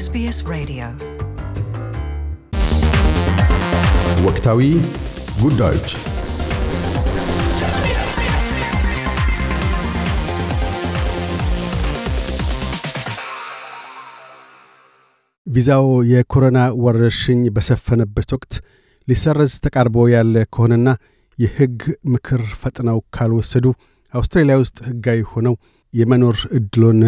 ኤስቢኤስ ሬዲዮ ወቅታዊ ጉዳዮች ቪዛው የኮሮና ወረርሽኝ በሰፈነበት ወቅት ሊሰረዝ ተቃርቦ ያለ ከሆነና የሕግ ምክር ፈጥነው ካልወሰዱ አውስትራሊያ ውስጥ ሕጋዊ ሆነው የመኖር እድሎን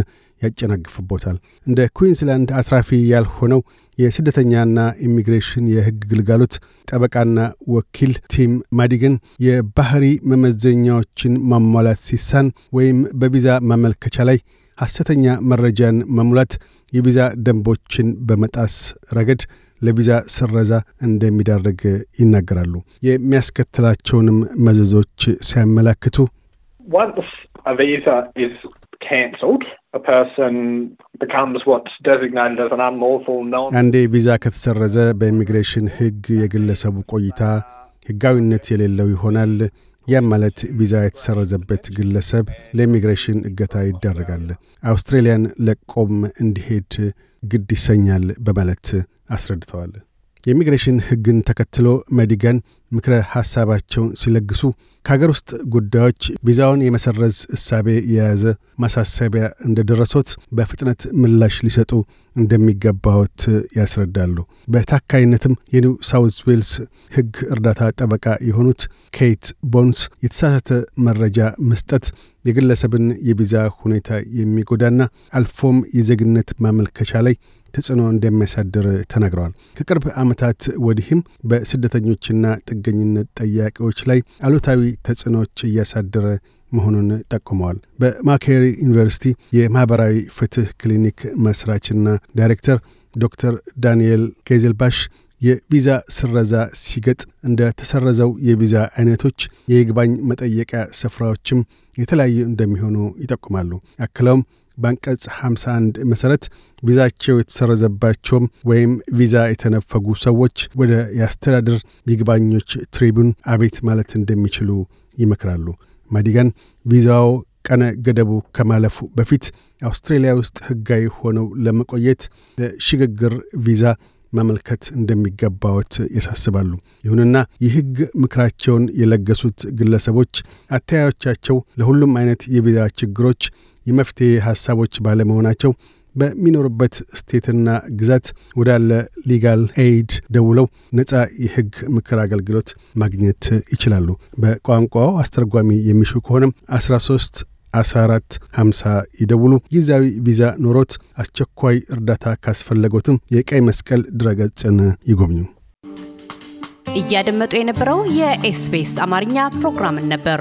ያጨናግፍቦታል። እንደ ኩዊንስላንድ አትራፊ ያልሆነው የስደተኛና ኢሚግሬሽን የሕግ ግልጋሎት ጠበቃና ወኪል ቲም ማዲገን የባህሪ መመዘኛዎችን ማሟላት ሲሳን ወይም በቪዛ ማመልከቻ ላይ ሐሰተኛ መረጃን መሙላት የቪዛ ደንቦችን በመጣስ ረገድ ለቪዛ ስረዛ እንደሚዳረግ ይናገራሉ። የሚያስከትላቸውንም መዘዞች ሲያመላክቱ a visa is cancelled. አንዴ ቪዛ ከተሰረዘ በኢሚግሬሽን ሕግ የግለሰቡ ቆይታ ሕጋዊነት የሌለው ይሆናል። ያም ማለት ቪዛ የተሰረዘበት ግለሰብ ለኢሚግሬሽን እገታ ይዳረጋል፣ አውስትሬሊያን ለቆም እንዲሄድ ግድ ይሰኛል በማለት አስረድተዋል። የኢሚግሬሽን ሕግን ተከትሎ መዲጋን ምክረ ሐሳባቸውን ሲለግሱ ከሀገር ውስጥ ጉዳዮች ቪዛውን የመሰረዝ እሳቤ የያዘ ማሳሰቢያ እንደደረሶት በፍጥነት ምላሽ ሊሰጡ እንደሚገባዎት ያስረዳሉ። በታካይነትም የኒው ሳውዝ ዌልስ ሕግ እርዳታ ጠበቃ የሆኑት ኬት ቦንስ የተሳሳተ መረጃ መስጠት የግለሰብን የቪዛ ሁኔታ የሚጎዳና አልፎም የዜግነት ማመልከቻ ላይ ተጽዕኖ እንደሚያሳድር ተናግረዋል። ከቅርብ ዓመታት ወዲህም በስደተኞችና ጥገኝነት ጠያቂዎች ላይ አሉታዊ ተጽዕኖዎች እያሳደረ መሆኑን ጠቁመዋል። በማካሪ ዩኒቨርሲቲ የማኅበራዊ ፍትህ ክሊኒክ መስራችና ዳይሬክተር ዶክተር ዳንኤል ጌዜልባሽ የቪዛ ስረዛ ሲገጥ እንደ ተሰረዘው የቪዛ አይነቶች የይግባኝ መጠየቂያ ስፍራዎችም የተለያዩ እንደሚሆኑ ይጠቁማሉ። አክለውም በአንቀጽ 51 መሠረት ቪዛቸው የተሰረዘባቸውም ወይም ቪዛ የተነፈጉ ሰዎች ወደ የአስተዳደር ይግባኞች ትሪቡን አቤት ማለት እንደሚችሉ ይመክራሉ። ማዲጋን ቪዛው ቀነ ገደቡ ከማለፉ በፊት አውስትሬሊያ ውስጥ ሕጋዊ ሆነው ለመቆየት ለሽግግር ቪዛ ማመልከት እንደሚገባዎት ያሳስባሉ። ይሁንና የሕግ ምክራቸውን የለገሱት ግለሰቦች አተያዮቻቸው ለሁሉም አይነት የቪዛ ችግሮች የመፍትሄ ሐሳቦች ባለመሆናቸው በሚኖርበት ስቴትና ግዛት ወዳለ ሊጋል ኤድ ደውለው ነጻ የሕግ ምክር አገልግሎት ማግኘት ይችላሉ። በቋንቋው አስተርጓሚ የሚሹ ከሆነም 13 14 50 ይደውሉ። ጊዜያዊ ቪዛ ኖሮት አስቸኳይ እርዳታ ካስፈለጎትም የቀይ መስቀል ድረገጽን ይጎብኙ። እያደመጡ የነበረው የኤስቢኤስ አማርኛ ፕሮግራምን ነበር።